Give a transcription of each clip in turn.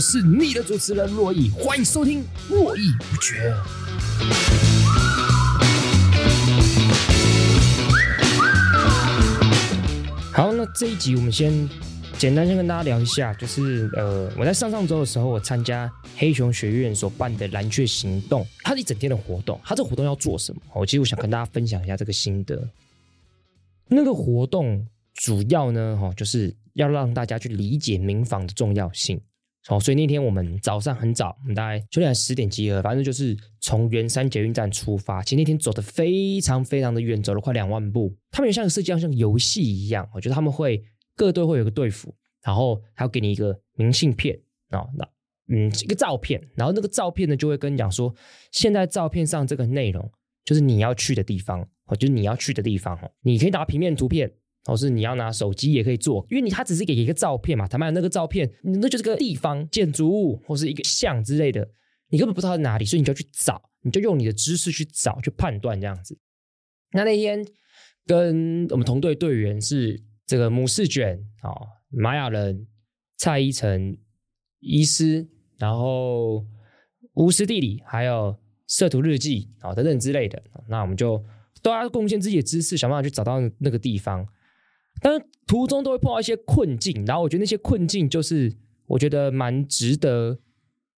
我是你的主持人珞亦，歡迎收聽《絡繹不絕》。好，那這一集我們先簡單先跟大家聊一下，就是呃，我在上上周的時候，我參加黑熊學院所辦的藍雀行動，它一整天的活動，它這活動要做什麼？我其實我想跟大家分享一下這個心得。那個活動主要呢，就是要讓大家去理解民防的重要性。哦，所以那天我們早上很早，我們大概九點十點集合，反正就是從圓山捷運站出發。其實那天走得非常非常的遠，走了快兩萬步。他們也像設計像遊戲一樣，我覺得他們會各隊會有個隊服，然後還要給你一個明信片哦，那嗯一個照片，然後那個照片呢就會跟你講說，現在照片上這個內容就是你要去的地方，哦，就是你要去的地方，哦、就是，你可以拿平面圖片。或是你要拿手機也可以做，因為你他只是給一個照片嘛，他賣那個照片，那就是個地方、建築物或是一個像之類的，你根本不知道在哪裡，所以你就要去找，你就用你的知識去找、去判斷這樣子。那那天跟我們同隊隊員是這個姆士捲哦，馬雅人、蔡依橙、醫師，然後巫師地理，還有攝徒日記啊、哦、等等之類的，那我們就都要貢獻自己的知識，想辦法去找到那個地方。但是途中都會碰到一些困境，然後我覺得那些困境就是我覺得蠻值得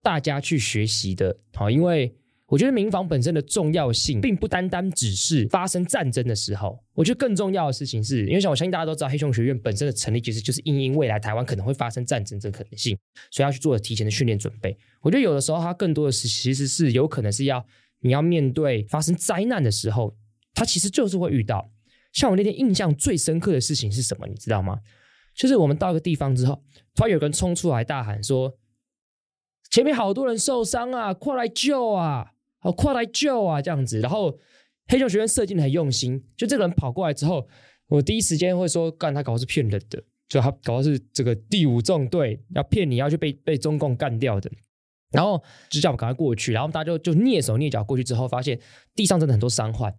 大家去學習的。好，因為我覺得民防本身的重要性，並不單單只是發生戰爭的時候。我覺得更重要的事情是，因為像我相信大家都知道，黑熊學院本身的成立其實就是因應未來台灣可能會發生戰爭這個可能性，所以要去做提前的訓練準備。我覺得有的時候它更多的是，其實是有可能是要你要面對發生災難的時候，它其實就是會遇到。像我那天印象最深刻的事情是什麼？你知道嗎？就是我們到一個地方之後，突然有人衝出來大喊說：“前面好多人受傷啊，快來救啊，啊！快來救啊！”這樣子。然後黑熊學院設計得很用心，就這個人跑過來之後，我第一時間會說：“幹他搞不好是騙人的，就他搞不好是這個第五縱隊要騙你，要去被被中共幹掉的。”然後就這樣趕快過去，然後大家就就躡手躡腳過去之後，發現地上真的很多傷患。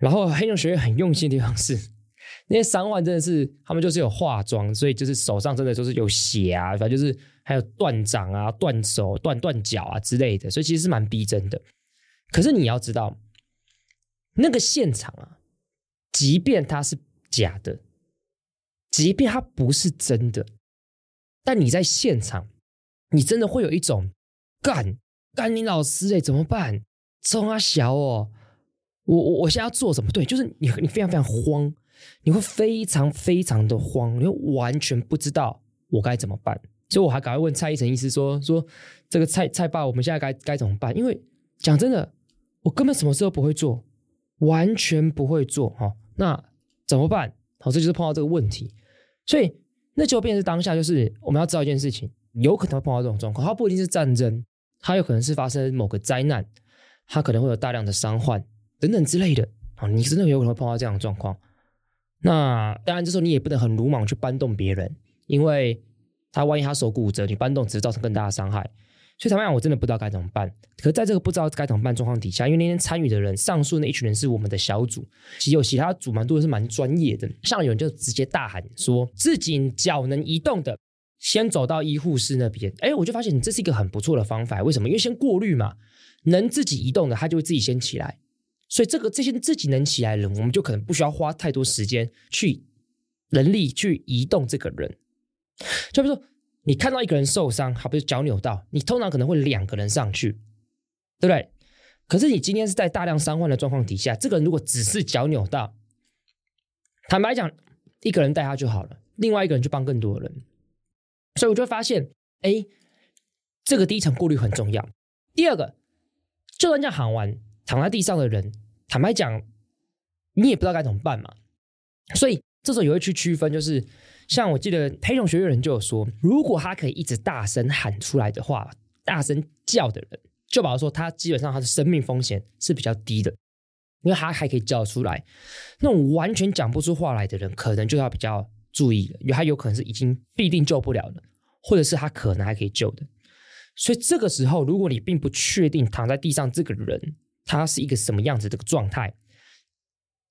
然後黑熊學院很用心的地方是，那些傷患真的是他們就是有化妝，所以就是手上真的就是有血啊，反正就是還有斷掌啊、斷手、斷斷腳啊之類的，所以其實是蠻逼真的。可是你要知道，那個現場啊，即便它是假的，即便它不是真的，但你在現場，你真的會有一種幹幹你老師哎、欸，怎麼辦？衝阿、啊、小哦。我我我現在要做什麼？對，就是你你非常非常慌，你會非常非常的慌，你會完全不知道我該怎麼辦，所以我還趕快問蔡一成醫師說說這個蔡蔡爸，我們現在該該怎麼辦？因為講真的，我根本什麼事都不會做，完全不會做齁，那怎麼辦？好，這就是碰到這個問題，所以那就變成當下就是我們要知道一件事情，有可能會碰到這種狀況，它不一定是戰爭，它有可能是發生某個災難，它可能會有大量的傷患。等等之類的啊，你真的有可能會碰到這樣的狀況。那當然，這時候你也不能很魯莽去搬動別人，因為他萬一他手骨折，你搬動只是造成更大的傷害。所以坦白講，我真的不知道該怎麼辦。可在這個不知道該怎麼辦狀況底下，因為那天參與的人，上述那一群人是我們的小組，其有其他組蠻多的是蠻專業的，像有人就直接大喊說，自己腳能移動的，先走到醫護室那邊。哎、欸，我就發現這是一個很不錯的方法。為什麼？因為先過濾嘛，能自己移動的，他就會自己先起來。所以這個這些自己能起來的人，我們就可能不需要花太多時間去人力去移動這個人。就比如說，你看到一個人受傷，好比如腳扭到，你通常可能會兩個人上去，對不對？可是你今天是在大量傷患的狀況底下，這個人如果只是腳扭到，坦白講，一個人帶他就好了，另外一個人就幫更多人。所以我就會發現，哎、欸，這個第一層過濾很重要。第二個，就算人家喊完躺在地上的人。坦白講，你也不知道該怎麼辦嘛。所以這時候也會去區分，就是像我記得黑熊學院人就有說，如果他可以一直大聲喊出來的話，大聲叫的人，就比如說他基本上他的生命風險是比較低的，因為他還可以叫出來。那種完全講不出話來的人，可能就要比較注意了，因為他有可能是已經必定救不了了，或者是他可能還可以救的。所以這個時候，如果你並不確定躺在地上這個人。他是一個什麼樣子的狀態？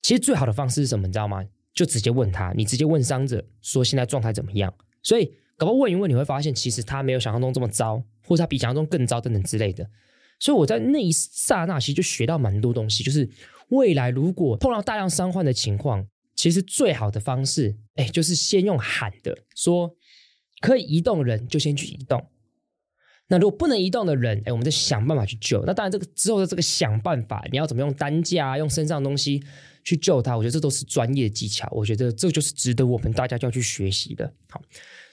其實最好的方式是什麼？你知道嗎？就直接問他，你直接問傷者說現在狀態怎麼樣？所以搞不好問一問，你會發現其實他沒有想象中這麼糟，或者他比想象中更糟等等之類的。所以我在那一霎那，其實就學到蠻多東西。就是未來如果碰到大量傷患的情況，其實最好的方式，哎，就是先用喊的，說可以移動人就先去移動。那如果不能移動的人，欸、我們就想辦法去救。那當然，這個之後的這個想辦法，你要怎麼用擔架啊，用身上的東西去救他？我覺得這都是專業的技巧。我覺得這就是值得我們大家就要去學習的。好，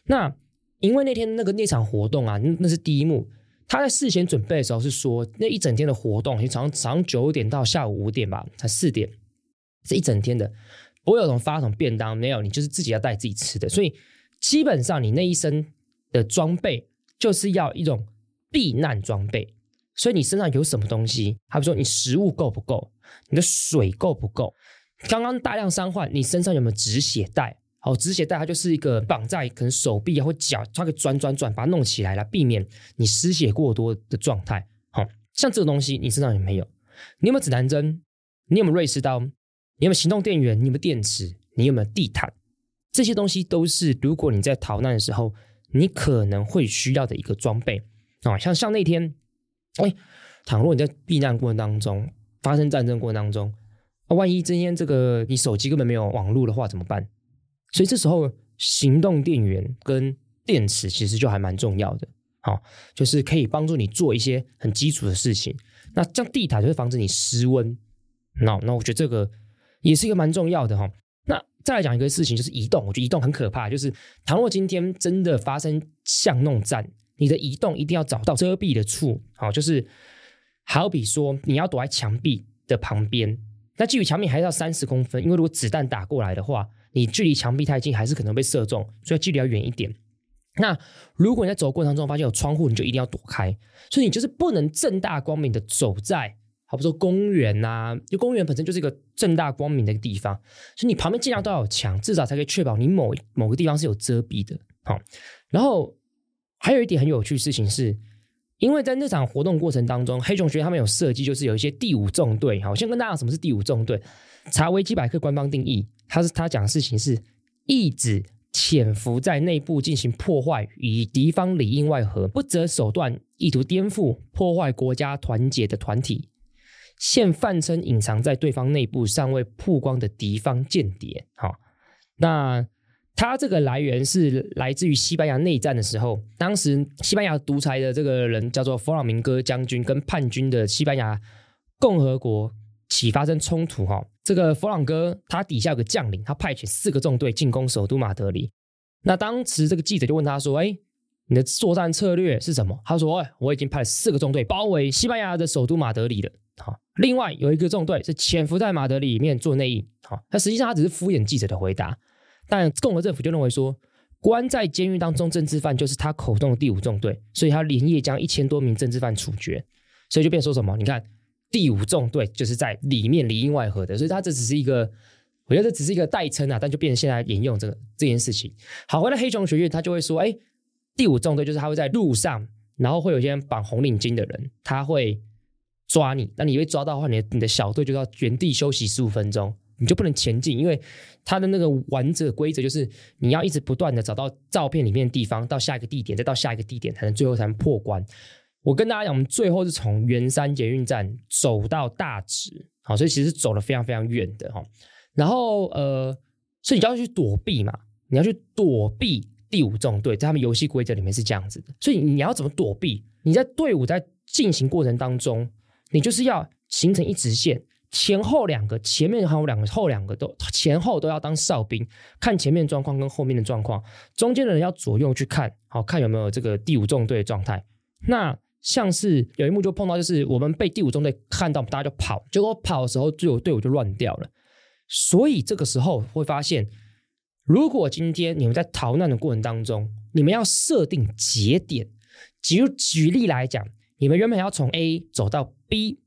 那因為那天那個那場活動啊那，那是第一幕。他在事先準備的時候是說，那一整天的活動，你早上九點到下午五點吧，才四點，是一整天的。不會有人發什麼發動便當，沒有，你就是自己要帶自己吃的。所以基本上你那一身的裝備。就是要一種避難裝備，所以你身上有什麼東西？比如說你食物夠不夠？你的水夠不夠？剛剛大量傷患，你身上有沒有止血帶？哦，止血帶它就是一個綁在可能手臂啊或腳，它可以轉轉轉把它弄起來了，避免你失血過多的狀態。好、哦、像這個東西你身上有沒有？你有沒有指南針？你有沒有瑞士刀？你有沒有行動電源？你有沒有電池？你有沒有地毯？這些東西都是如果你在逃難的時候。你可能會需要的一個裝備啊、哦，像像那天，哎、欸，倘若你在避難過程當中，發生戰爭過程當中，啊，萬一今天這個你手機根本沒有網絡的話怎麼辦？所以這時候行動電源跟電池其實就還蠻重要的，好、哦，就是可以幫助你做一些很基礎的事情。那像地毯就會防止你失溫，那那我覺得這個也是一個蠻重要的哈。哦再來講一個事情，就是移動。我覺得移動很可怕，就是倘若今天真的發生巷弄戰，你的移動一定要找到遮蔽的處，好，就是好比說你要躲在牆壁的旁邊，那距離牆壁還是要三十公分，因為如果子彈打過來的話，你距離牆壁太近還是可能被射中，所以距離要遠一點。那如果你在走過程中發現有窗戶，你就一定要躲開，所以你就是不能正大光明的走在。好，好比說公園吶、啊，就公園本身就是一個正大光明的一個地方，所以你旁邊盡量都要有牆，至少才可以確保你某某個地方是有遮蔽的。好，然後還有一點很有趣的事情是，因為在那場活動過程當中，黑熊學院他們有設計，就是有一些第五縱隊。好，先跟大家講什麼是第五縱隊？查維基百科官方定義，他是他講的事情是：意指潛伏在內部進行破壞，與敵方裡應外合，不擇手段，意圖顛覆破壞國家團結的團體。現泛稱隱藏在對方內部、尚未曝光的敵方間諜。哈，那他這個來源是來自於西班牙內戰的時候，當時西班牙獨裁的這個人叫做弗朗明哥將軍，跟叛軍的西班牙共和國起發生衝突。哈，這個弗朗哥他底下有個將領，他派遣四個縱隊進攻首都馬德里。那當時這個記者就問他說：“哎、欸，你的作戰策略是什麼？”他說：“哎、欸，我已經派了四個縱隊包圍西班牙的首都馬德裡了。”另外有一個縱隊是潛伏在馬德里裡面做內應，好，哦，那實際上他只是敷衍記者的回答，但共和政府就認為說，關在監獄當中政治犯就是他口中的第五縱隊，所以他連夜將一千多名政治犯處決，所以就變成說什麼，你看第五縱隊就是在裡面裡應外合的，所以他這只是一個，我覺得這只是一個代稱啊，但就變成現在引用這個這件事情。好，回到黑熊學院他就會說，哎，第五縱隊就是他會在路上，然後會有一些綁紅領巾的人，他會。抓你，但你被抓到的話，你的你的小隊就要原地休息十五分鐘，你就不能前進，因為它的那個完整規則就是你要一直不斷的找到照片裡面的地方，到下一個地點，再到下一個地點，才能最後才能破關。我跟大家講，我們最後是從圓山捷運站走到大直，好，所以其實走了非常非常遠的，然後呃，所以你要去躲避嘛，你要去躲避第五縱隊，在他們遊戲規則裡面是這樣子的，所以你要怎麼躲避？你在隊伍在進行過程當中。你就是要形成一直線，前後兩個，前面還有兩個，後兩個都，前後都要當哨兵，看前面狀況跟後面的狀況，中間的人要左右去看，好，看有沒有這個第五縱隊的狀態。那像是有一幕就碰到，就是我們被第五縱隊看到，大家就跑，結果跑的時候就有隊伍就亂掉了。所以這個時候會發現，如果今天你們在逃難的過程當中，你們要設定節點，舉舉例來講，你們原本要從 A 走到 B。B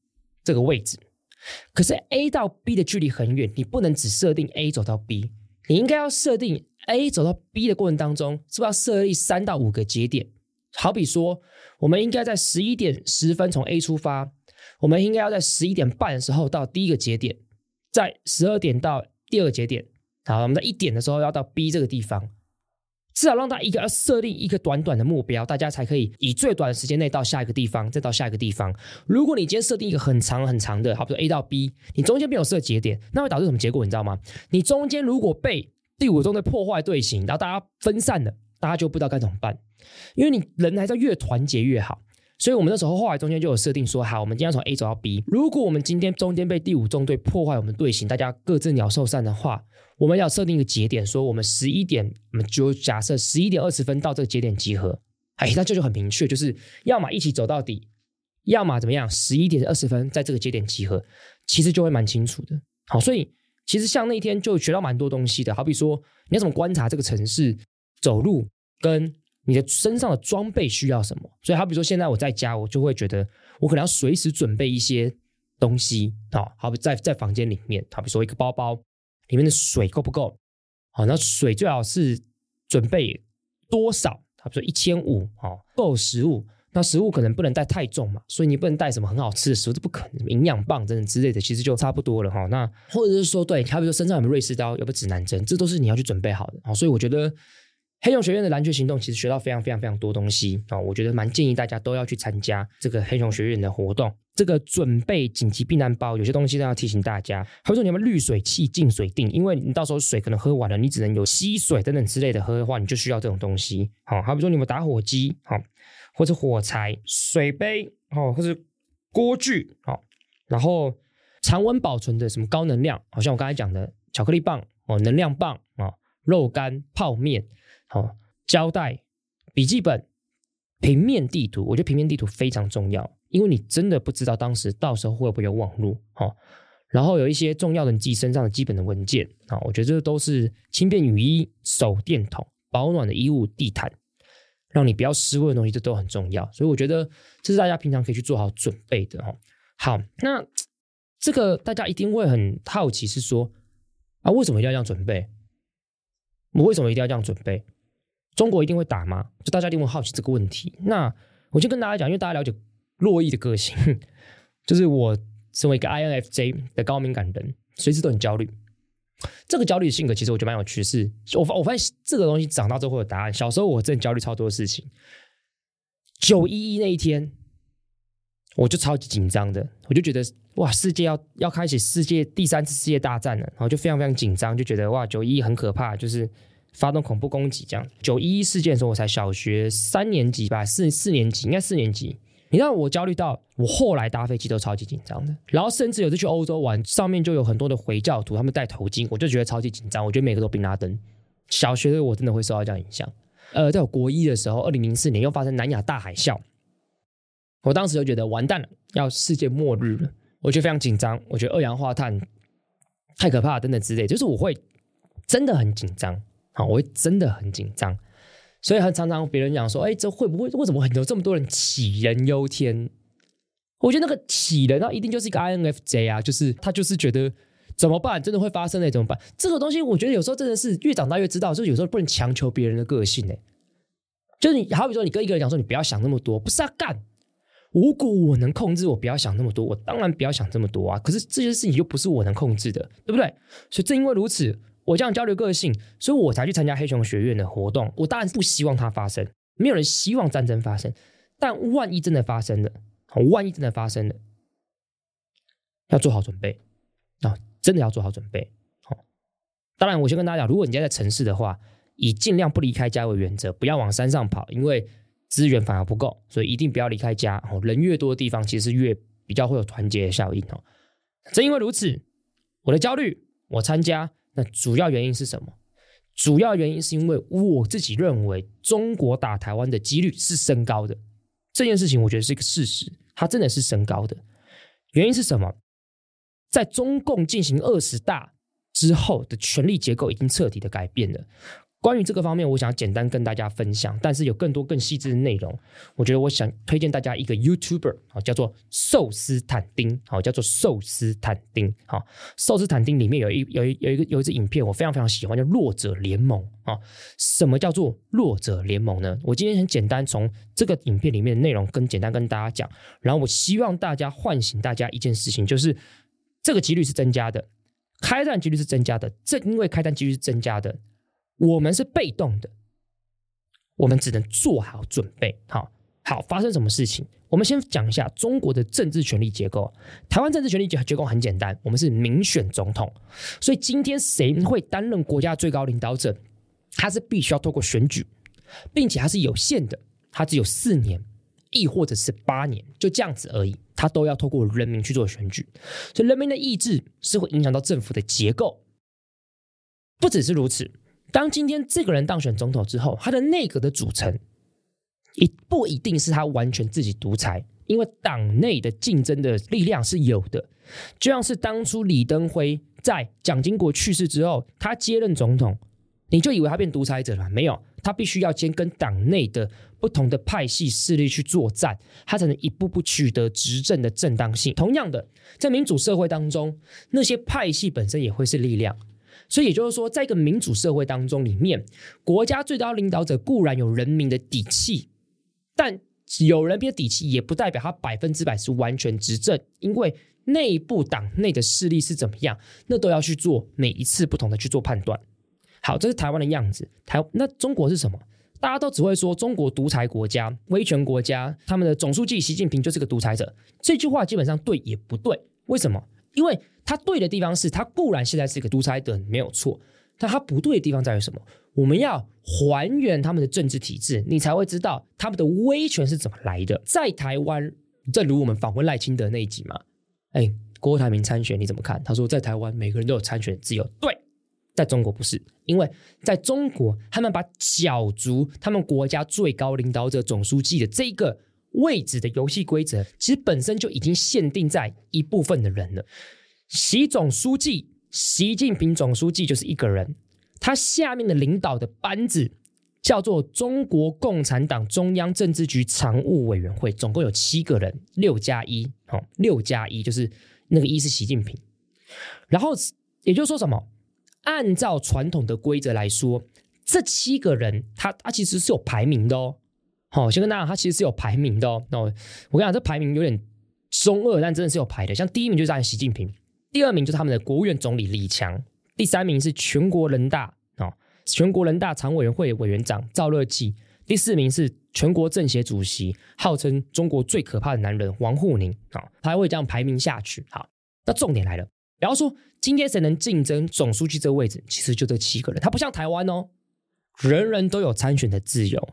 這個位置，可是 A 到 B 的距離很遠，你不能只設定 A 走到 B，你應該要設定 A 走到 B 的過程當中，是不是要設立三到五個節點？好比說，我們應該在十一點十分從 A 出發，我們應該要在十一點半的時候到第一個節點，在十二點到第二個節點，好，我們在一點的時候要到 B 這個地方。至少讓他一個要設定一個短短的目標，大家才可以以最短的時間內到下一個地方，再到下一個地方。如果你今天設定一個很長很長的，好，比如 A 到 B，你中間沒有設節點，那會導致什麼結果？你知道嗎？你中間如果被第五中隊破壞隊形，然後大家分散了，大家就不知道該怎麼辦，因為你人還是要越團結越好。所以，我們那時候後來中間就有設定說，好，我們今天要從 A 走到 B。如果我們今天中間被第五縱隊破壞我們隊形，大家各自鳥獸散的話，我們要設定一個節點，說我們十一點，我們就假設十一點二十分到這個節點集合。哎，那這就很明確，就是要麼一起走到底，要麼怎麼樣？十一點二十分在這個節點集合，其實就會蠻清楚的。好，所以其實像那一天就學到蠻多東西的，好比說你要怎麼觀察這個城市，走路跟。你的身上的裝備需要什麼？所以，好比說，現在我在家，我就會覺得我可能要隨時準備一些東西，好，好比在在房間裡面，好比說一個包包裡面的水夠不夠？好，那水最好是準備多少？好比說一千五，好夠食物，那食物可能不能帶太重嘛，所以你不能帶什麼很好吃的食物，這不可能，營養棒等等之類的，其實就差不多了哈。那或者是說，對，他比如說身上有沒有瑞士刀，有沒有指南針，這都是你要去準備好的。好，所以我覺得。黑熊學院的藍鵲行動，其實學到非常非常非常多東西啊、哦！我覺得蠻建議大家都要去參加這個黑熊學院的活動。這個準備緊急避難包，有些東西都要提醒大家。比如說，你們濾水器、淨水錠，因為你到時候水可能喝完了，你只能有吸水等等之類的喝的話，你就需要這種東西。好、哦，比如說你們打火機，好、哦，或者火柴、水杯，好、哦，或者鍋具、哦，然後常溫保存的什麼高能量，好、哦、像我剛才講的巧克力棒、哦，能量棒啊、哦，肉乾、泡麵。好、哦，膠帶、筆記本、平面地圖，我覺得平面地圖非常重要，因為你真的不知道當時到時候會不會有網絡。哦。然後有一些重要的你自己身上的基本的文件啊、哦，我覺得這都是輕便雨衣、手電筒、保暖的衣物、地毯，讓你不要失溫的東西，這都很重要。所以我覺得這是大家平常可以去做好準備的。哦、好，那這個大家一定會很好奇，是說啊，為什麼要這樣準備？我為什麼一定要這樣準備？中國一定會打嗎？就大家一定會好奇這個問題。那我就跟大家講，因為大家了解珞亦的個性，就是我身為一個 INFJ 的高敏感人，隨時都很焦慮。這個焦慮性格其實我覺得蠻有趣，是我我發現這個東西長大之後會有答案。小時候我真的焦慮超多事情，九一一那一天我就超級緊張的，我就覺得哇，世界要要開始世界第三次世界大戰了，然後就非常非常緊張，就覺得哇，九一一很可怕，就是。發動恐怖攻擊，這樣九一一事件的時候，我才小學三年級吧，四四年級，應該四年級。你知道我焦慮到我後來搭飛機都超級緊張的，然後甚至有次去歐洲玩，上面就有很多的回教徒，他們戴頭巾，我就覺得超級緊張。我覺得每個都賓拉登。小學的我真的會受到這樣影響。呃，在我國一的時候，二零零四年又發生南亞大海嘯，我當時就覺得完蛋了，要世界末日了。我就非常緊張，我覺得二氧化碳太可怕，等等之類，就是我會真的很緊張。啊，我會真的很緊張，所以很常常別人講說，哎、欸，這會不會為什麼很多這麼多人杞人憂天？我覺得那個杞人，那一定就是一個 INFJ 啊，就是他就是覺得怎麼辦，真的會發生了怎麼辦？這個東西我覺得有時候真的是越長大越知道，就是有時候不能強求別人的個性呢、欸。就是你好比說你跟一個人講說，你不要想那麼多，不是他、啊、幹。如果我能控制我，我不要想那麼多，我當然不要想這麼多啊。可是這些事情又不是我能控制的，對不對？所以正因為如此。我這樣焦慮個性，所以我才去參加黑熊學院的活動。我當然不希望它發生，沒有人希望戰爭發生。但萬一真的發生了，哦、萬一真的發生了，要做好準備啊、哦！真的要做好準備。好、哦，當然我先跟大家講，如果你現在在城市的話，以盡量不離開家為原則，不要往山上跑，因為資源反而不夠，所以一定不要離開家。哦、人越多的地方，其實越比較會有團結的效應哦。正因為如此，我的焦慮，我參加。主要原因是什麼？主要原因是因為我自己認為，中國打台灣的幾率是升高的。這件事情，我覺得是一個事實，它真的是升高的。原因是什麼？在中共進行二十大之後的權力結構已經徹底的改變了。關於這個方面，我想簡單跟大家分享，但是有更多更細緻的內容，我覺得我想推薦大家一個 YouTuber 叫做壽司坦丁，好，叫做壽司坦丁，好，壽司坦丁裡面有一有一有一個有一支影片，我非常非常喜歡，叫弱者聯盟啊。什麼叫做弱者聯盟呢？我今天很簡單從這個影片裡面的內容，更簡單跟大家講，然後我希望大家喚醒大家一件事情，就是這個幾率是增加的，開戰幾率是增加的，正因為開戰幾率是增加的。我們是被動的，我們只能做好準備。好，好，發生什麼事情？我們先講一下中國的政治權力結構。台灣政治權力結構很簡單，我們是民選總統，所以今天誰會擔任國家最高領導者，他是必須要透過選舉，並且他是有限的，他只有四年，亦或者是八年，就這樣子而已。他都要透過人民去做選舉，所以人民的意志是會影響到政府的結構。不只是如此。當今天這個人當選總統之後，他的內閣的組成也不一定是他完全自己獨裁，因為黨內的競爭的力量是有的。就像是當初李登輝在蔣經國去世之後，他接任總統，你就以為他變獨裁者了？沒有，他必須要先跟黨內的不同的派系勢力去作戰，他才能一步步取得執政的正當性。同樣的，在民主社會當中，那些派系本身也會是力量。所以也就是說，在一個民主社會當中，裡面國家最高領導者固然有人民的底氣，但有人民的底氣也不代表他百分之百是完全執政，因為內部黨內的勢力是怎麼樣，那都要去做每一次不同的去做判斷。好，這是台灣的樣子，台，那中國是什麼？大家都只會說中國獨裁國家、威權國家，他們的總書記習近平就是個獨裁者，這句話基本上對也不對，為什麼？因為他對的地方是，他固然現在是個獨裁者沒有錯，但他不對的地方在於什麼？我們要還原他們的政治體制，你才會知道他們的威權是怎麼來的。在台灣，正如我們訪問賴清德那一集嘛，哎，郭台銘參選你怎麼看？他說在台灣每個人都有參選的自由。對，在中國不是，因為在中國他們把角逐他們國家最高領導者總書記的這一個。位置的遊戲規則其實本身就已經限定在一部分的人了。習總書記，習近平總書記就是一個人，他下面的領導的班子叫做中國共產黨中央政治局常務委員會，總共有七個人，六加一。好、哦，六加一就是那個一是習近平。然後也就是說，什麼？按照傳統的規則來說，這七個人他他其實是有排名的哦。好、哦，先跟大家，他其實是有排名的哦,哦。我跟你講，這排名有點中二，但真的是有排的。像第一名就是習近平，第二名就是他們的國務院總理李強，第三名是全國人大哦，全國人大常委員會委員長趙樂際，第四名是全國政協主席，號稱中國最可怕的男人王滬寧啊、哦，他還會這樣排名下去。好，那重點來了，然後說今天誰能競爭總書記這個位置？其實就這七個人，他不像台灣哦，人人都有參選的自由。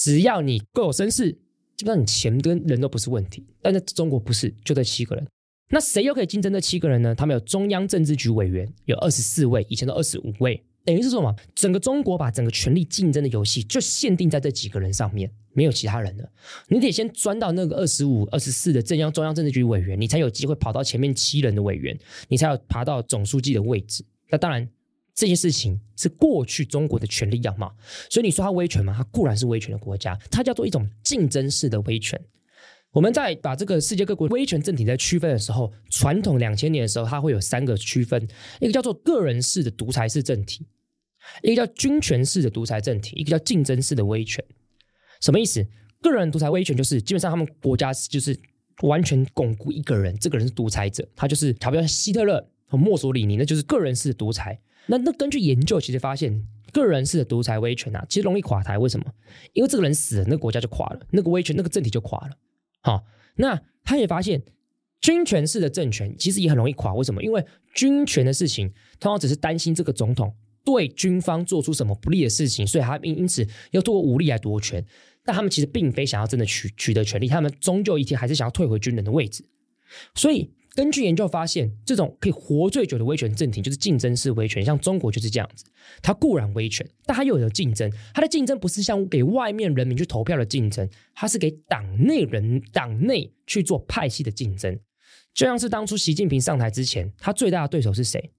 只要你夠有紳士，基本上你錢跟人都不是問題。但在中國不是，就這七個人。那誰又可以競爭這七個人呢？他們有中央政治局委員，有二十四位，以前都二十五位。等於是說什麼？整個中國把整個權力競爭的遊戲就限定在這幾個人上面，沒有其他人了。你得先鑽到那個二十五、二十四的中央中央政治局委員，你才有機會跑到前面七人的委員，你才有爬到總書記的位置。那當然。這件事情是過去中國的權力樣貌，所以你說它威權嗎？它固然是威權的國家，它叫做一種競爭式的威權。我們在把這個世界各國威權政體在區分的時候，傳統兩千年的時候，它會有三個區分：一個叫做個人式的獨裁式政體，一個叫軍權式的獨裁政體，一個叫競爭式的威權。什麼意思？個人獨裁威權就是基本上他們國家就是完全鞏固一個人，這個人是獨裁者，他就是好比說希特勒和墨索里尼，那就是個人式的獨裁。那那根據研究，其實發現個人式的獨裁威權啊，其實容易垮台。為什麼？因為這個人死了，那個國家就垮了，那個威權、那個政體就垮了。好，那他也發現軍權式的政權其實也很容易垮。為什麼？因為軍權的事情，通常只是擔心這個總統對軍方做出什麼不利的事情，所以他因因此要通過武力來奪權。但他們其實並非想要真的取取得權力，他們終究一天還是想要退回軍人的位置。所以。根據研究發現，這種可以活最久的威權政體就是競爭式威權，像中國就是這樣子。它固然威權，但它又有競爭。它的競爭不是像給外面人民去投票的競爭，它是給黨內人黨內去做派系的競爭。就像是當初習近平上台之前，他最大的對手是誰？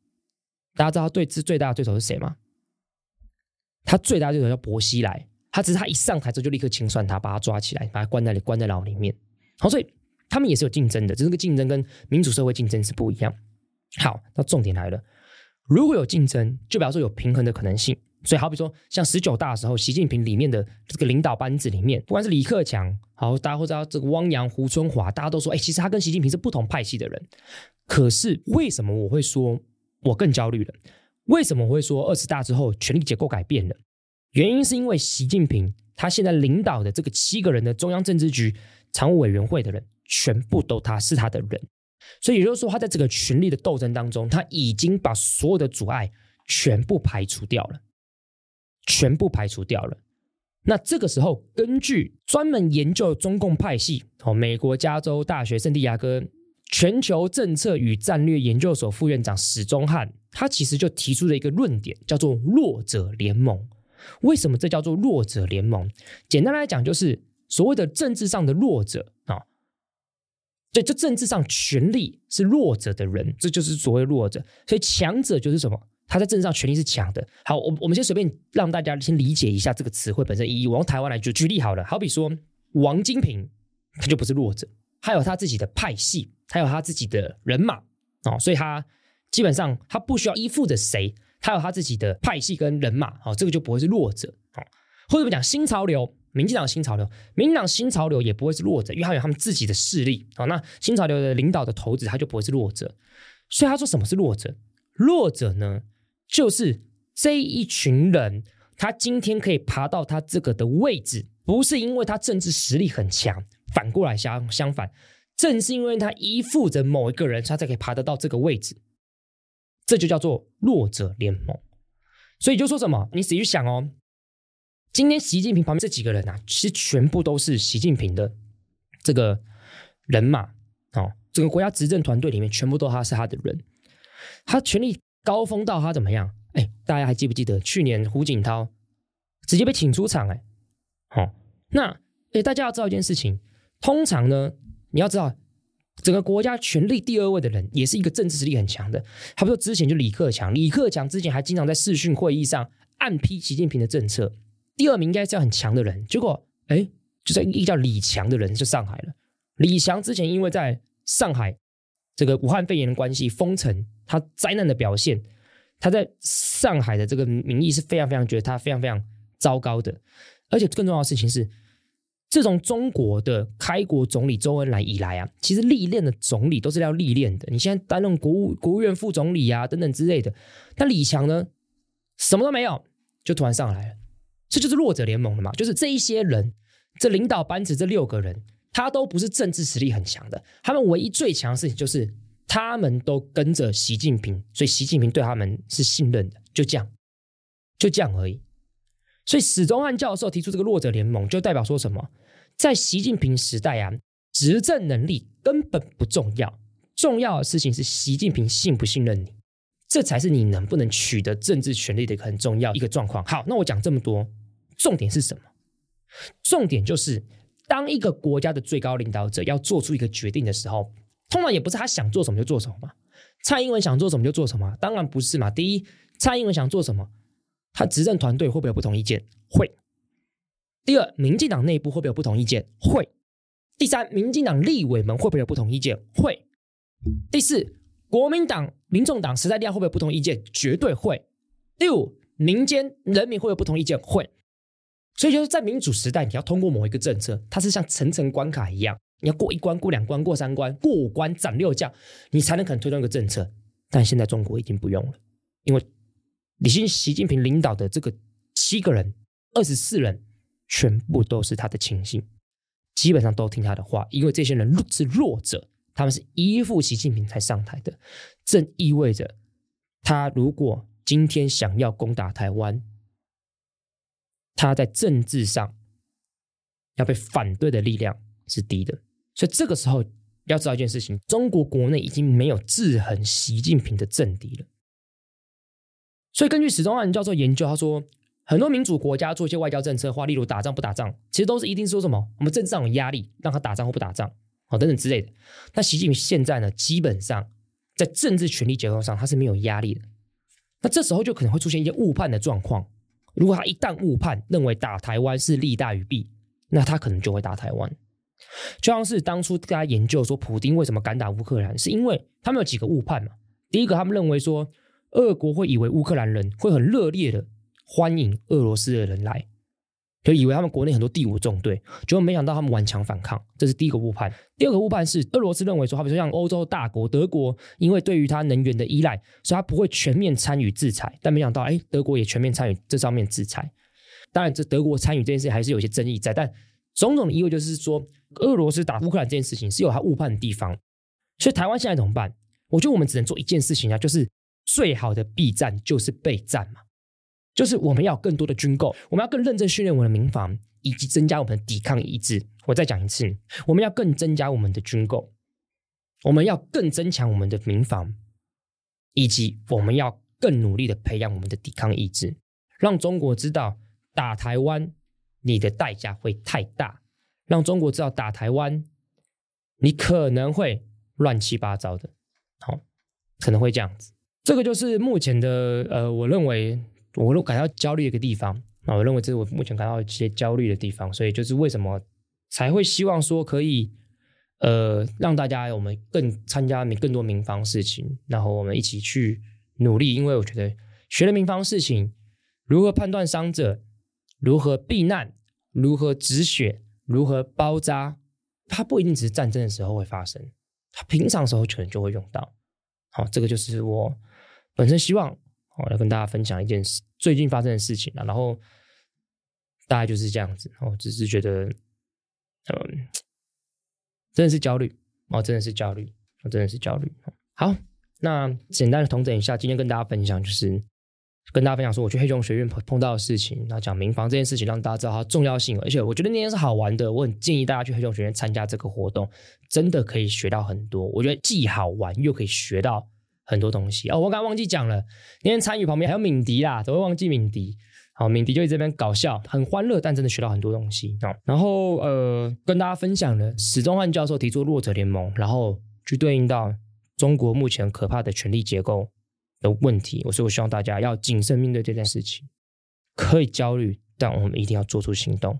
大家知道對，最最大的對手是誰嗎？他最大的對手叫薄熙來，他只是他一上台之後就立刻清算他，把他抓起來，把他關在裡，關在牢裡面。好，所以。他們也是有競爭的，只、就是這個競爭跟民主社會競爭是不一樣。好，到重點來了，如果有競爭，就表示有平衡的可能性。所以，好比說像十九大的時候，習近平裡面的這個領導班子裡面，不管是李克強，好，大家都知道這個汪洋、胡春華，大家都說，哎、欸，其實他跟習近平是不同派系的人。可是為什麼我會說我更焦慮了？為什麼我會說二十大之後權力結構改變了？原因是因為習近平他現在領導的這個七個人的中央政治局常務委員會的人，全部都是他，是他的人，所以也就是說，他在這個權力的鬥爭當中，他已經把所有的阻礙全部排除掉了，全部排除掉了。那這個時候，根據專門研究中共派系哦，美國加州大學聖地亞哥全球政策與戰略研究所副院長史宗瀚，他其實就提出了一個論點，叫做“弱者聯盟”。為什麼這叫做“弱者聯盟”？簡單來講，就是所謂的政治上的弱者啊。所以，這政治上權力是弱者的人，這就是所謂弱者。所以，強者就是什麼？他在政治上權力是強的。好，我我們先隨便讓大家先理解一下這個詞彙本身意義。我用台灣來舉舉例好了。好比說，王金平，他就不是弱者，他有他自己的派系，他有他自己的人馬哦，所以他基本上他不需要依附着誰，他有他自己的派系跟人馬哦，這個就不會是弱者哦，或者我們講新潮流。民進黨新潮流，民進黨新潮流也不會是弱者，因為他有他們自己的勢力。好，那新潮流的領導的頭子他就不會是弱者，所以他說什麼是弱者？弱者呢，就是這一群人，他今天可以爬到他這個的位置，不是因為他政治實力很強，反過來相相反，正是因為他依附着某一個人，他才可以爬得到這個位置，這就叫做弱者聯盟。所以就說什麼？你自己去想哦。今天習近平旁邊這幾個人啊，其實全部都是習近平的這個人馬哦，整個國家執政團隊裡面全部都是他，是他的人，他權力高峰到他怎麼樣？哎、欸，大家還記不記得去年胡錦濤直接被請出場，欸？哎，哦，那哎、欸、大家要知道一件事情，通常呢，你要知道，整個國家權力第二位的人也是一個政治實力很強的，比如說之前就李克強，李克強之前還經常在視訊會議上暗批習近平的政策。第二名應該是很強的人，結果哎、欸，就是一個叫李強的人就上台了。李強之前因為在上海這個武漢肺炎的關係封城，他災難的表現，他在上海的這個民意是非常非常覺得他非常非常糟糕的。而且更重要的事情是，自從中國的開國總理周恩來以來啊，其實歷練的總理都是要歷練的。你現在擔任國務國務院副總理啊等等之類的，但李強呢，什麼都沒有，就突然上來了。這就是弱者聯盟了嘛，就是這一些人，這領導班子這六個人，他都不是政治實力很強的。他們唯一最強的事情就是他們都跟着習近平，所以習近平對他們是信任的，就這樣，就這樣而已。所以史宗瀚教授提出這個弱者聯盟，就代表說什麼？在習近平時代啊，執政能力根本不重要，重要的事情是習近平信不信任你，這才是你能不能取得政治權力的一個很重要一個狀況。好，那我講這麼多。重點是什麼？重點就是，當一個國家的最高領導者要做出一個決定的時候，通常也不是他想做什麼就做什麼嘛。蔡英文想做什麼就做什麼啊？當然不是嘛。第一，蔡英文想做什麼，他執政團隊會不會有不同意見？會。第二，民進黨內部會不會有不同意見？會。第三，民進黨立委們會不會有不同意見？會。第四，國民黨、民眾黨、時代力量會不會有不同意見？絕對會。第五，民間人民會不會有不同意見？會。所以，就是在民主時代，你要通過某一個政策，它是像層層關卡一樣，你要過一關、過兩關、過三關、過五關斬六將，你才能可能推動一個政策。但現在中國已經不用了，因為李新、習近平領導的這個七個人、二十四人，全部都是他的親信，基本上都聽他的話。因為這些人是弱者，他們是依附習近平才上台的，這意味着他如果今天想要攻打台灣。他在政治上要被反對的力量是低的，所以這個時候要知道一件事情：中國國內已經沒有制衡習近平的政敵了。所以根據史忠漢教授研究，他說很多民主國家做一些外交政策話，例如打仗不打仗，其實都是一定說什麼我們政治上有壓力，讓他打仗或不打仗，哦等等之類的。那習近平現在呢，基本上在政治權力結構上他是沒有壓力的，那這時候就可能會出現一些誤判的狀況。如果他一旦誤判，認為打台灣是利大於弊，那他可能就會打台灣。就像是當初大家研究說，普丁為什麼敢打烏克蘭，是因為他們有幾個誤判嘛。第一個，他們認為說，俄國會以為烏克蘭人會很熱烈的歡迎俄羅斯的人來。就以為他們國內很多第五縱隊，結果沒想到他們頑強反抗，這是第一個誤判。第二個誤判是俄羅斯認為說，好比如說像歐洲大國德國，因為對於他能源的依賴，所以他不會全面參與制裁。但沒想到，哎，德國也全面參與這上面制裁。當然，這德國參與這件事還是有一些爭議在。但種種的意味就是說，俄羅斯打烏克蘭這件事情是有他誤判的地方。所以台灣現在怎麼辦？我覺得我們只能做一件事情啊，就是最好的避戰就是備戰嘛。就是我們要更多的軍購，我們要更認真訓練我們的民防，以及增加我們的抵抗意志。我再講一次，我們要更增加我們的軍購，我們要更增強我們的民防，以及我們要更努力的培養我們的抵抗意志，讓中國知道打台灣你的代價會太大，讓中國知道打台灣你可能會亂七八糟的，好，哦，可能會這樣子。這個就是目前的，呃，我認為。我若感到焦慮的一個地方，那我認為這是我目前感到一些焦慮的地方，所以就是為什麼才會希望說可以，呃，讓大家我們更參加民更多民防事情，然後我們一起去努力，因為我覺得學了民防事情，如何判斷傷者，如何避難，如何止血，如何包扎，它不一定只是戰爭的時候會發生，它平常時候可能就會用到。好，這個就是我本身希望。哦，來跟大家分享一件事，最近發生的事情了、啊。然後大概就是這樣子。哦，我只是覺得，嗯，真的是焦慮，哦，真的是焦慮，哦、真的是焦慮。好，那簡單的統整一下，今天跟大家分享就是跟大家分享說，我去黑熊學院碰到的事情，然後講民防這件事情，讓大家知道它的重要性。而且我覺得那天是好玩的，我很建議大家去黑熊學院參加這個活動，真的可以學到很多。我覺得既好玩又可以學到。很多東西哦，我剛剛忘記講了。今天參與旁邊還有敏迪啦，怎麼會忘記敏迪？好，敏迪就在這邊搞笑，很歡樂，但真的學到很多東西哦。然後呃，跟大家分享了史忠漢教授提出弱者聯盟，然後去對應到中國目前可怕的權力結構的問題。我所以，我希望大家要謹慎面對這件事情，可以焦慮，但我們一定要做出行動。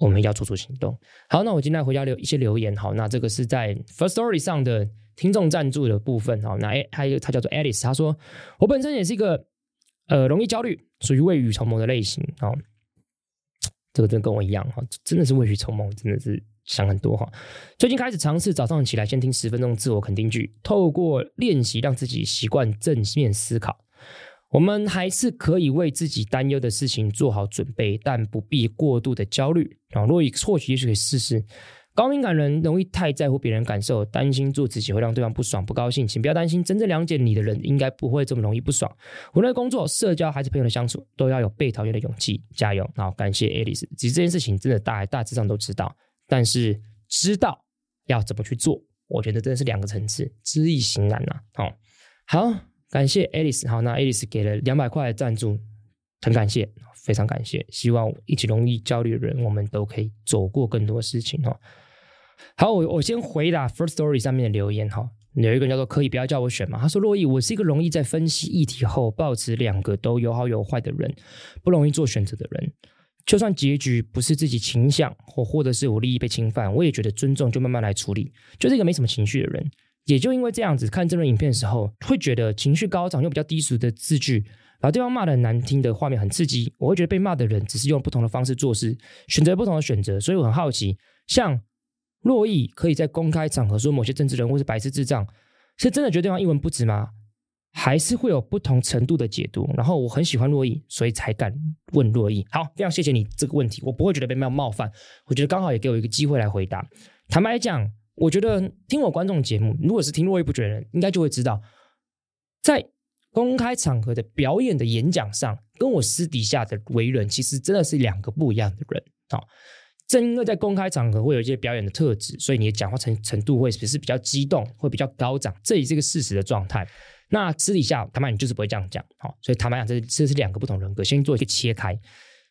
我們一定要做出行動。好，那我今天回家留一些留言。好，那這個是在 First Story 上的。聽眾贊助的部分哦，那 A, 他有他叫做 Alice。他說，我本身也是一個呃容易焦慮，屬於未雨綢繆的類型哦。這個真的跟我一樣哈、哦，真的是未雨綢繆，真的是想很多哈、哦。最近開始嘗試早上起來先聽十分鐘自我肯定句，透過練習讓自己習慣正面思考。我們還是可以為自己擔憂的事情做好準備，但不必過度的焦慮啊。如、哦、果錯覺，也許可以試試。高敏感人容易太在乎別人感受，擔心做自己會讓對方不爽不高興，請不要擔心，真正了解你的人應該不會這麼容易不爽。無論工作、社交還是朋友的相處，都要有被討厭的勇氣。加油！好，感謝 Alice。其實這件事情真的大，大致上都知道，但是知道要怎麼去做，我覺得真的是兩個層次，知易行難吶、啊。好、哦、好，感謝 Alice。好，那 Alice 給了兩百塊的贊助，很感謝，非常感謝。希望一起容易焦慮的人，我們都可以走過更多事情哦。好，我我先回答 first story 上面的留言哈，有一個人叫做可以不要叫我選嗎？他說：珞亦，我是一個容易在分析議題後抱持兩個都有好有壞的人，不容易做選擇的人。就算結局不是自己傾向，或或者是我利益被侵犯，我也覺得尊重就慢慢來處理，就是一個沒什麼情緒的人。也就因為這樣子，看這段影片的時候，會覺得情緒高漲又比較低俗的字句，把對方罵得難聽的畫面很刺激，我會覺得被罵的人只是用不同的方式做事，選擇不同的選擇，所以我很好奇，像。珞亦可以在公開場合說某些政治人物是白痴、智障，是真的覺得對方一文不值嗎？還是會有不同程度的解讀？然後我很喜歡珞亦，所以才敢問珞亦。好，非常謝謝你這個問題，我不會覺得被冒冒犯，我覺得剛好也給我一個機會來回答。坦白來講，我覺得聽我觀眾節目，如果是聽珞亦不絕的人，應該就會知道，在公開場合的表演的演講上，跟我私底下的為人，其實真的是兩個不一樣的人啊。正因為在公開場合會有一些表演的特質，所以你的講話程程度會只是比較激動，會比較高漲，這也是一個事實的狀態。那私底下，坦白講你就是不會這樣講，好、哦，所以坦白講，這是這是兩個不同人格。先做一個切開。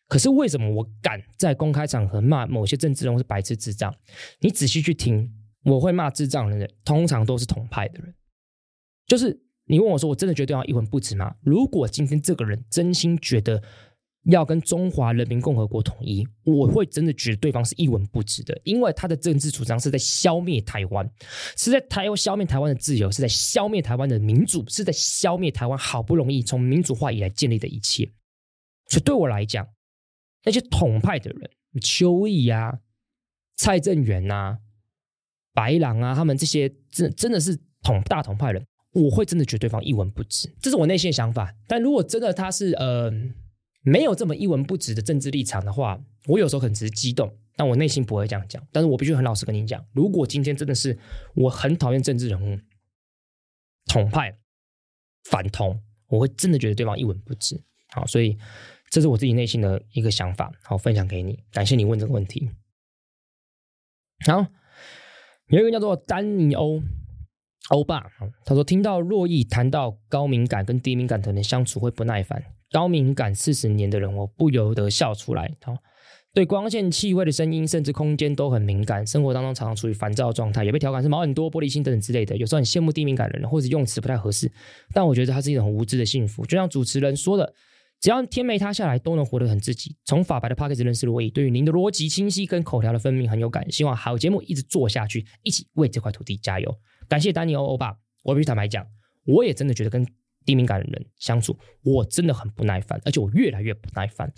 可是為什麼我敢在公開場合罵某些政治人物是白痴、智障？你仔細去聽，我會罵智障的人，通常都是同派的人。就是你問我說，我真的覺得對方一文不值嗎？如果今天這個人真心覺得。要跟中華人民共和國統一，我會真的覺得對方是一文不值的，因為他的政治主張是在消滅台灣，是在台灣消滅台灣的自由，是在消滅台灣的民主，是在消滅台灣好不容易從民主化以來建立的一切。所以對我來講，那些統派的人，邱毅啊、蔡正元吶、啊、白狼啊，他們這些真真的是統大統派人，我會真的覺得對方一文不值，這是我內心的想法。但如果真的他是，嗯、呃。沒有這麼一文不值的政治立場的話，我有時候很直接激動，但我內心不會這樣講。但是我必須很老實跟你講，如果今天真的是我很討厭政治人物，統派反同，我會真的覺得對方一文不值。好，所以這是我自己內心的一個想法，好，分享給你。感謝你問這個問題。好，有一個叫做丹尼歐歐巴、嗯、他說聽到珞亦談到高敏感跟低敏感可能相處會不耐煩。高敏感四十年的人，我不由得笑出來。對光線、氣味、的聲音，甚至空間都很敏感，生活當中常常處於煩躁狀態，也被調侃是毛很多、玻璃心等等之類的。有時候很羨慕低敏感的人，或者用詞不太合適，但我覺得他是一種很無知的幸福。就像主持人說的，只要天沒塌下來，都能活得很自己。從法白的帕克斯認識珞亦，對於您的邏輯清晰跟口條的分明很有感，希望好節目一直做下去，一起為這塊土地加油。感謝丹尼歐歐巴，我必須坦白講，我也真的覺得跟。低敏感的人相處，我真的很不耐煩，而且我越來越不耐煩，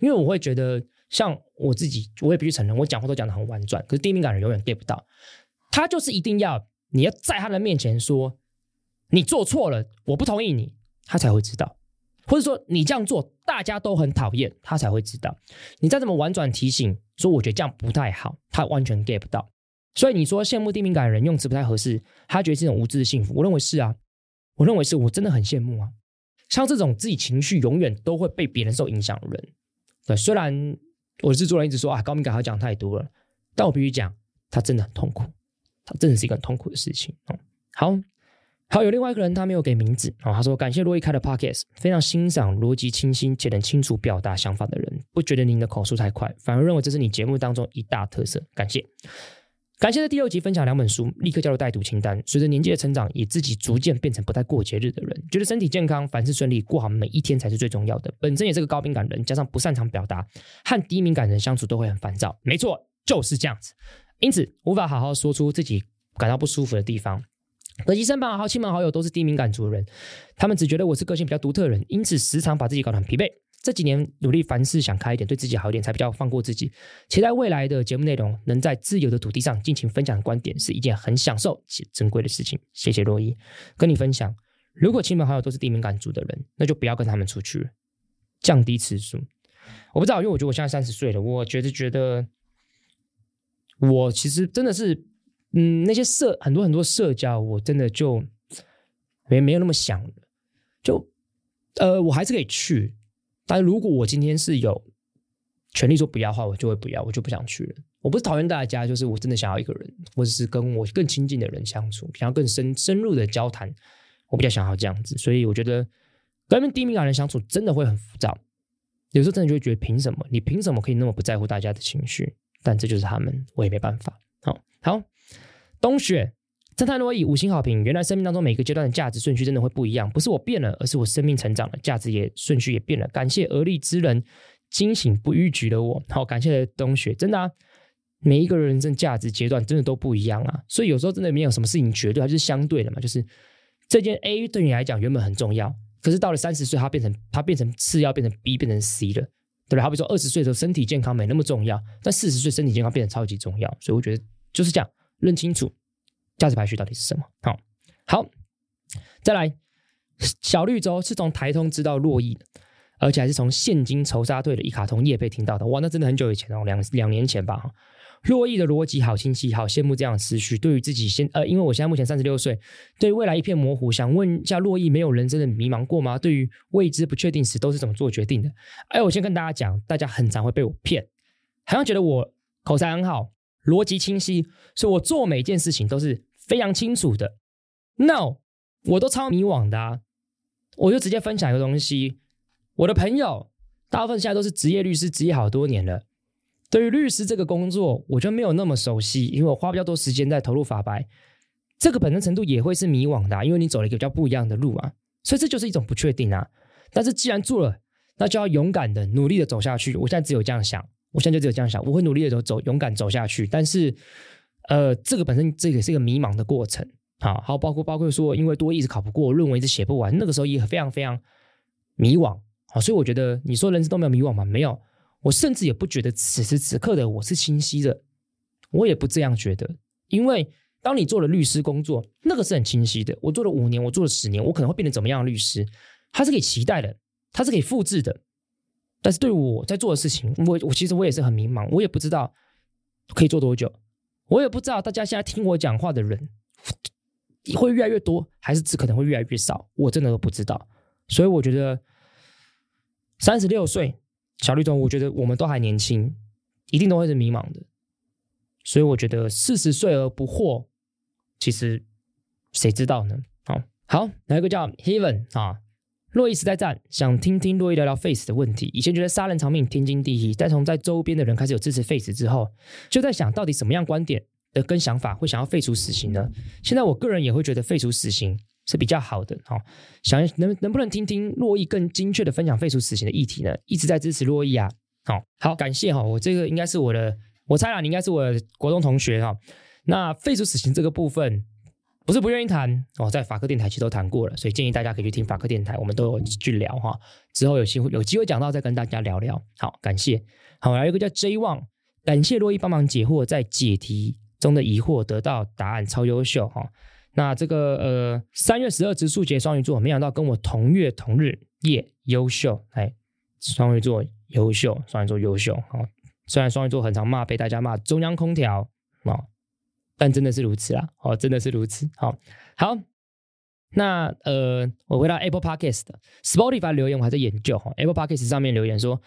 因為我會覺得像我自己，我也必須承認，我講話都講得很婉轉，可是低敏感人永遠 get 不到，他就是一定要你要在他的面前說你做錯了，我不同意你，他才會知道，或者說你這樣做大家都很討厭，他才會知道，你再怎麼婉轉提醒說我覺得這樣不太好，他完全 get 不到，所以你說羨慕低敏感的人用詞不太合適，他覺得這種無知的幸福，我認為是啊。我認為是我真的很羨慕啊，像這種自己情緒永遠都會被別人受影響的人，對，雖然我製作人，一直說啊，高敏感，他講太多了，但我必須講，他真的很痛苦，他真的是一個很痛苦的事情。好、好，還有另外一個人，他沒有給名字，他說感謝珞亦開的 podcast，非常欣賞邏輯清晰且能清楚表達想法的人，不覺得您的口速太快，反而認為這是你節目當中一大特色，感謝。感謝在第六集分享兩本書，立刻加入待讀清單。隨着年紀的成長，也自己逐漸變成不太過節日的人，覺得身體健康、凡事順利、過好每一天才是最重要的。本身也是個高敏感人，加上不擅長表達，和低敏感人相處都會很煩躁。沒錯，就是這樣子，因此無法好好說出自己感到不舒服的地方。可惜身旁好親朋好友都是低敏感族的人，他們只覺得我是個性比較獨特的人，因此時常把自己搞得很疲憊。這幾年努力，凡事想開一點，對自己好一點，才比較放過自己。期待未來的節目內容，能在自由的土地上盡情分享的觀點，是一件很享受且珍貴的事情。謝謝珞亦，跟你分享。如果親朋好友都是低敏感族的人，那就不要跟他們出去，降低次數。嗯。我不知道，因為我覺得我現在三十歲了，我覺得覺得我其實真的是，嗯，那些社很多很多社交，我真的就沒沒有那麼想，就，呃，我還是可以去。但如果我今天是有權利說不要的話，我就會不要，我就不想去了。我不是討厭大家，就是我真的想要一個人，或者是跟我更親近的人相處，想要更深深入的交談，我比較想要這樣子。所以我覺得跟低敏感的人相處真的會很浮躁，有時候真的就會覺得憑什麼？你憑什麼可以那麼不在乎大家的情緒？但這就是他們，我也沒辦法。好，好，冬雪。偵探羅以五星好評。原來生命當中每個階段的價值順序真的會不一樣，不是我變了，而是我生命成長了，價值也順序也變了。感謝而立之人驚醒不逾矩的我，好感謝同學真的、啊、每一個人生價值階段真的都不一樣啊！所以有時候真的沒有什麼事情絕對，還是相對的嘛，就是這件 A 對你來講原本很重要，可是到了三十歲，它變成它變成次要，變成 B，變成 C 了，對吧？好比如說二十歲的時候身體健康沒那麼重要，但四十歲身體健康變成超級重要，所以我覺得就是這樣，認清楚。價值排序到底是什麼？好好，再來，小綠洲是從台通知道珞亦的，而且還是從現金仇殺隊的一卡通業配聽到的。哇，那真的很久以前哦，兩兩年前吧。珞亦的邏輯好清晰，好羨慕這樣的思緒。對於自己現呃，因為我現在目前三十六歲，對未來一片模糊，想問一下珞亦，沒有人真的迷茫過嗎？對於未知不確定時，都是怎麼做決定的？哎、欸，我先跟大家講，大家很常會被我騙，好像覺得我口才很好，邏輯清晰，所以我做每件事情都是。非常清楚的，No，我都超迷惘的、啊。我就直接分享一個東西，我的朋友大部分現在都是執業律師，執業好多年了。對於律師這個工作，我就沒有那麼熟悉，因為我花比較多時間在投入法白。這個本身程度也會是迷惘的、啊，因為你走了一個比較不一樣的路啊，所以這就是一種不確定啊。但是既然做了，那就要勇敢的努力的走下去。我現在只有這樣想，我現在就只有這樣想，我會努力的走走，勇敢走下去。但是。呃，這個本身這個是一個迷茫的過程啊，好，包括包括說，因為多一直考不過，論文一直寫不完，那個時候也非常非常迷惘啊，所以我覺得你說的人生都沒有迷惘嗎？沒有，我甚至也不覺得此時此刻的我是清晰的，我也不這樣覺得，因為當你做了律師工作，那個是很清晰的，我做了五年，我做了十年，我可能會變成怎麼樣的律師，他是可以期待的，他是可以複製的，但是對我在做的事情，我我其實我也是很迷茫，我也不知道可以做多久。我也不知道，大家現在聽我講話的人會越來越多，還是只可能會越來越少？我真的都不知道。所以我覺得，三十六歲小綠童，我覺得我們都還年輕，一定都會是迷茫的。所以我覺得四十歲而不惑，其實誰知道呢？好好，來、那、一個叫 Heaven 啊。珞亦時代站想聽聽珞亦聊聊廢死的問題。以前覺得殺人償命天經地義，但從在周邊的人開始有支持廢死之後，就在想到底什麼樣觀點的跟想法會想要廢除死刑呢？現在我個人也會覺得廢除死刑是比較好的哈、哦。想能能不能聽聽珞亦更精確的分享廢除死刑的議題呢？一直在支持珞亦啊，好好感謝哈、哦。我這個應該是我的，我猜啊，你應該是我的國中同學哈、哦。那廢除死刑這個部分。不是不願意談哦，在法客電台其實都談過了，所以建議大家可以去聽法客電台，我們都有去聊哈。之後有機會有機會講到再跟大家聊聊。好，感謝。好，還有一個叫 J w a n 感謝洛伊幫忙解惑，在解題中的疑惑得到答案，超優秀哈。那這個呃，三月十二植樹節，雙魚座，沒想到跟我同月同日夜，優、yeah, 秀哎，雙、欸、魚座優秀，雙魚座優秀。哈，雖然雙魚座很常罵，被大家罵中央空調啊。好但真的是如此啊！哦，真的是如此。好、哦，好，那呃，我回到 Apple Podcast、Spotify 留言，我還在研究、哦。Apple Podcast 上面留言說，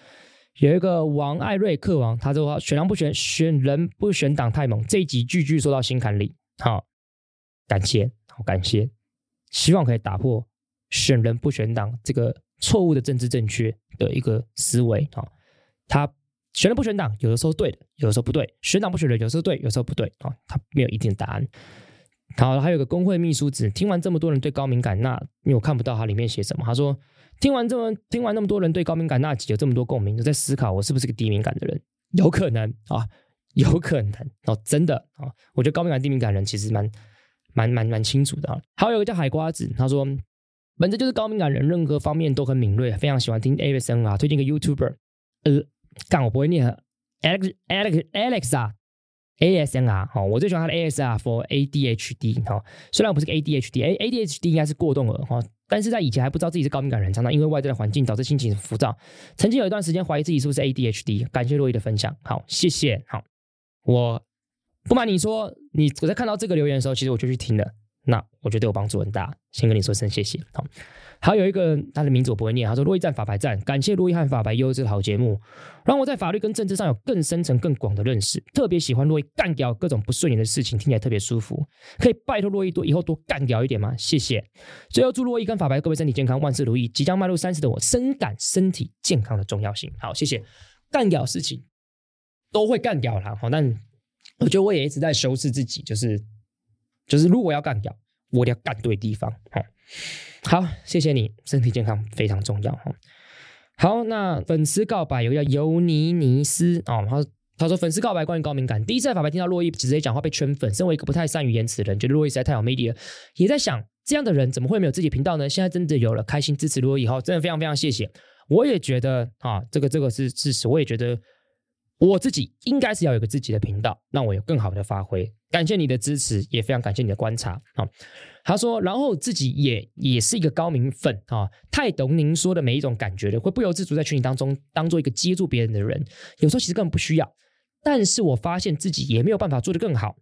有一個王艾瑞克王，他說選人不選選人不選黨太猛，這一集句句說到心坎裡。好、哦，感謝，好、哦、感謝，希望可以打破選人不選黨這個錯誤的政治正確的一個思維啊。他、哦。選人不選黨，有的時候對的，有的時候不對；選黨不選人，有時候對，有時候不對啊、哦。他沒有一定的答案。好了，還有一個公會秘書子，聽完這麼多人對高敏感，那因為我看不到他裡面寫什麼。他說，聽完這麼聽完那麼多人對高敏感那集有這麼多共鳴，我在思考我是不是個低敏感的人？有可能啊、哦，有可能哦，真的啊、哦。我覺得高敏感的低敏感人其實蠻蠻蠻蠻清楚的、啊。還有一個叫海瓜子，他說，本質就是高敏感人，任何方面都很敏銳，非常喜歡聽 ASMR 啊，推薦個 YouTuber，呃。但我不會念，Alex Alex Alexa，ASMR、哦、我最喜歡他的 ASR for ADHD、哦、雖然我不是個 ADHD, ADHD，a d h d 應該是過動兒、哦。但是在以前還不知道自己是高敏感人，常常因為外在的環境導致心情浮躁，曾經有一段時間懷疑自己是不是 ADHD，感謝珞亦的分享，好、哦，謝謝，好、哦，我不瞞你說，你我在看到這個留言的時候，其實我就去聽了，那我覺得有幫助很大，先跟你說聲謝謝，好、哦。還有一個他的名字我不會念。他說：“珞亦站法白站，感謝珞亦和法白優質的好節目，讓我在法律跟政治上有更深層、更廣的認識。特別喜歡珞亦幹掉各種不順眼的事情，聽起來特別舒服。可以拜託珞亦多以後多幹掉一點嗎？謝謝。最後祝珞亦跟法白各位身體健康，萬事如意。即將邁入三十的我，深感身體健康的重要性。好，謝謝。幹掉事情都會幹掉啦。好，但我覺得我也一直在修飾自己，就是就是，如果要幹掉，我得要幹對地方。哈、嗯。好，謝謝你，身體健康非常重要。好，那粉絲告白有叫尤尼尼斯、哦、他，他說粉絲告白關於高敏感，第一次在法白聽到洛伊直接講話被圈粉，身為一個不太善於言辭的人，覺得洛伊實在太有魅力了，也在想這樣的人怎麼會沒有自己頻道呢？現在真的有了，開心支持洛伊，以後，哦，真的非常非常謝謝。我也覺得啊、哦，這個這個是事實，我也覺得。我自己應該是要有個自己的頻道，讓我有更好的發揮。感謝你的支持，也非常感謝你的觀察。好、哦，他說，然後自己也也是一個高敏粉啊、哦，太懂您說的每一種感覺的，會不由自主在群體當中當做一個接住別人的人。有時候其實根本不需要，但是我發現自己也沒有辦法做得更好。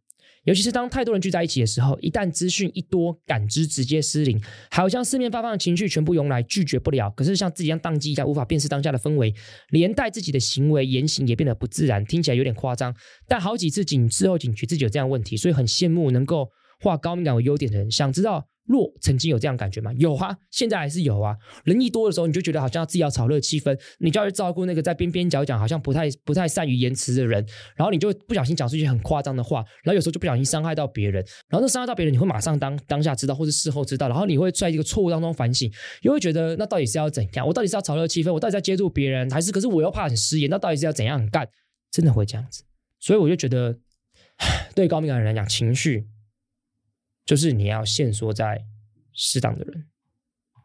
尤其是當太多人聚在一起的時候，一旦資訊一多，感知直接失靈，好像四面八方的情緒全部湧來，拒絕不了。可是像自己一樣當機一樣，無法辨識當下的氛圍，連帶自己的行為言行也變得不自然，聽起來有點誇張。但好幾次警之後警覺自己有這樣問題，所以很羨慕能夠。化高敏感有優點的人。想知道若曾經有這樣感覺嗎？有啊，現在還是有啊。人一多的時候，你就覺得好像自己要炒熱氣氛，你就要去照顧那個在邊邊角角好像不太不太善於言辭的人，然後你就不小心講出一些很誇張的話，然後有時候就不小心傷害到別人，然後那傷害到別人，你會馬上當當下知道，或是事後知道，然後你會在一個錯誤當中反省，又會覺得那到底是要怎樣？我到底是要炒熱氣氛，我到底在接觸別人，還是可是我又怕很失言？那到底是要怎樣幹？真的會這樣子，所以我就覺得對高敏感人來講，情緒。就是你要限縮在適當的人，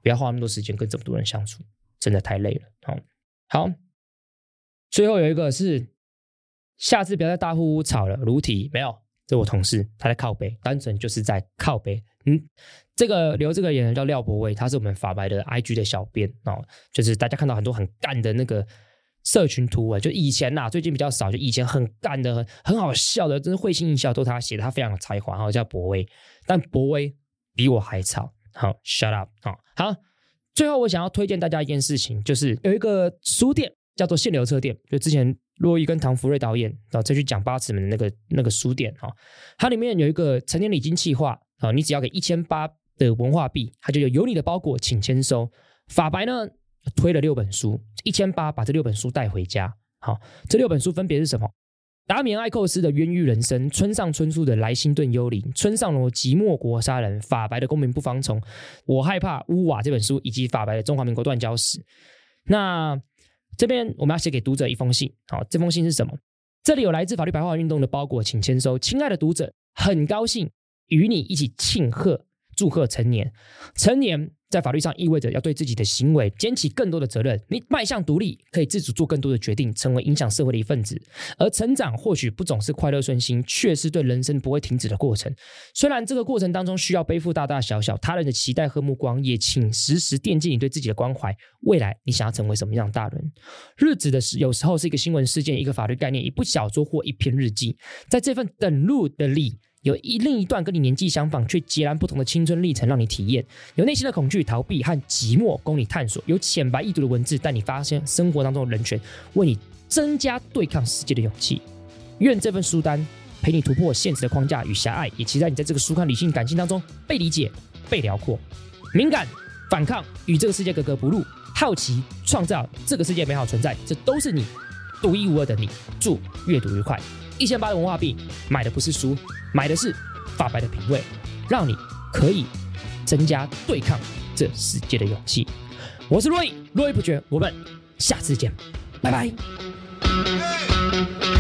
不要花那麼多時間跟這麼多人相處，真的太累了。好、哦，好，最後有一個是，下次不要再大呼呼吵了。如體沒有，這是我同事他在靠北，單純就是在靠北。嗯，這個留這個言人叫廖博偉，他是我們法白的 I G 的小編哦，就是大家看到很多很乾的那個。社群圖文，就以前吶、啊，最近比較少。就以前很乾的、很很好笑的，真是會心一笑，都是他寫的，他非常有才華、哦。叫博威，但博威比我還差。好，shut up、哦。好好，最後我想要推薦大家一件事情，就是有一個書店叫做限流冊店，就之前珞亦跟唐福瑞導演，然後再去講八尺門的那個那個書店、哦、它裡面有一個成年禮金計劃啊、哦，你只要給一千八的文化幣，它就有有你的包裹，請簽收。法白呢？推了六本書，一千八，把這六本書帶回家。好，這六本書分別是什麼？達米安·愛寇斯的《冤獄人生》，村上春樹的《萊辛頓幽靈》，村上龍的《寂寞國殺人》，法白的《公民不妨從我害怕烏瓦》這本書，以及法白的《中華民國斷交史》那。那這邊我們要寫給讀者一封信。好，這封信是什麼？這裡有來自法律白話運動的包裹，請簽收。親愛的讀者，很高興與你一起慶賀。祝賀成年！成年在法律上意味着要對自己的行為肩負起更多的責任。你邁向獨立，可以自主做更多的決定，成為影響社會的一份子。而成長或許不總是快樂順心，卻是對人生不會停止的過程。雖然這個過程當中需要背負大大小小他人的期待和目光，也請時時惦記你對自己的關懷。未來你想要成為什麼樣的大人？日子的時，有時候是一個新聞事件，一個法律概念，一部小說或一篇日記。在這份等路的禮。有一另一段跟你年紀相仿卻截然不同的青春歷程讓你體驗，有內心的恐懼、逃避和寂寞供你探索，有淺白易讀的文字帶你發現生活當中的人權，為你增加對抗世界的勇氣。願這份書單陪你突破現實的框架與狹隘，也期待你在這個書刊理性感性當中被理解、被遼闊、敏感、反抗與這個世界格格不入、好奇、創造這個世界美好存在，這都是你獨一無二的你。祝閱讀愉快。一千八的文化幣，買的不是書，買的是法白的品味，讓你可以增加對抗這世界的勇氣。我是珞亦，珞繹不絕，我們下次見，拜拜。Hey.